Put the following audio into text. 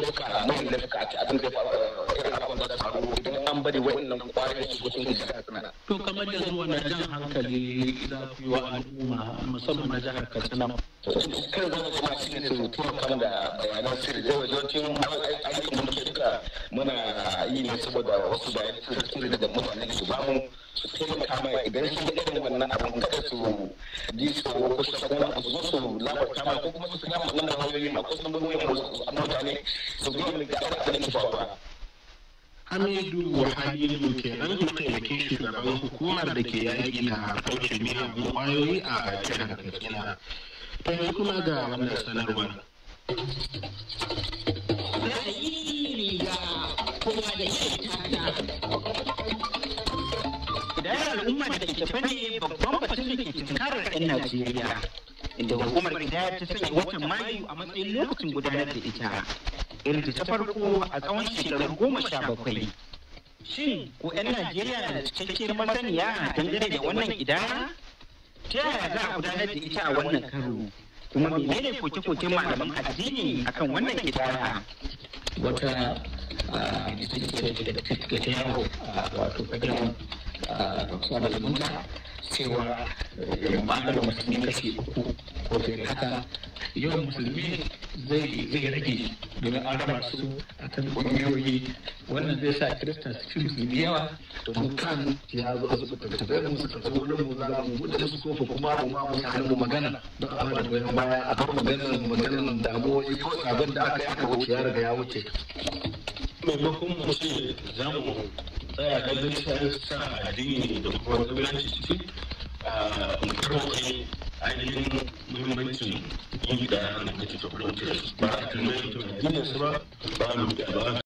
rika na wanda rika a abin da abin da faru idan an bari wa'annan kwayoyin su sun shiga suna. To kamar da zuwa na jan hankali za ku yi wa al'umma musamman na jihar Katsina. Kan zama kuma shi ne su taimaka da bayanan sirri da wajen aikin muna yi ne saboda wasu da ya fi da mutane su ba mu su taimaka ma idan sun ga irin wannan abin kada su ji su ko ko su kuma su zo su labarta ma ko kuma su samu nan da hanyoyi ma ko su nan wani mutane su ga wani ga abin da ke faruwa Hamidu Luke Wahalilu kenan mataimakin shugaban hukumar da ke yaƙi da kauce miyagun ƙwayoyi a jihar Katsina. Ta yi kuma ga wannan sanarwar. Idan al'umma da ke babban batun da ke 'yan Najeriya. Inda hukumar gida ta sanya watan Mayu a matsayin lokacin gudanar da ita. Irin ta farko a tsawon shekaru goma sha bakwai. Shin ko 'yan Najeriya na cikakkiyar masaniya dangane da wannan idana? Ta yaya za a gudanar da ita a wannan karo? Kuma menene koke-koken malaman addini akan wannan idana? Wata da ta yawo wato federal sada zumunta cewa ma'anar musulmi da haka yawan musulmi zai rage domin an raba su a kan ƙungiyoyi wannan zai sa kirista su fi musulmi yawa domin kan ya zo a zuba tattabai mu su wurin mu za mu buɗe su kofa kuma mu ma mu mu magana don a bada goyon baya a bar maganar maganar damuwa ko sabon da aka yi aka wuce ya riga ya wuce maimakon mu za mu tsaya ganin sai sa addini da kuma zamanci ciki a karwace ainihin muhimmancin yi da na kace ta kudin ba a tunanin addinin ba ba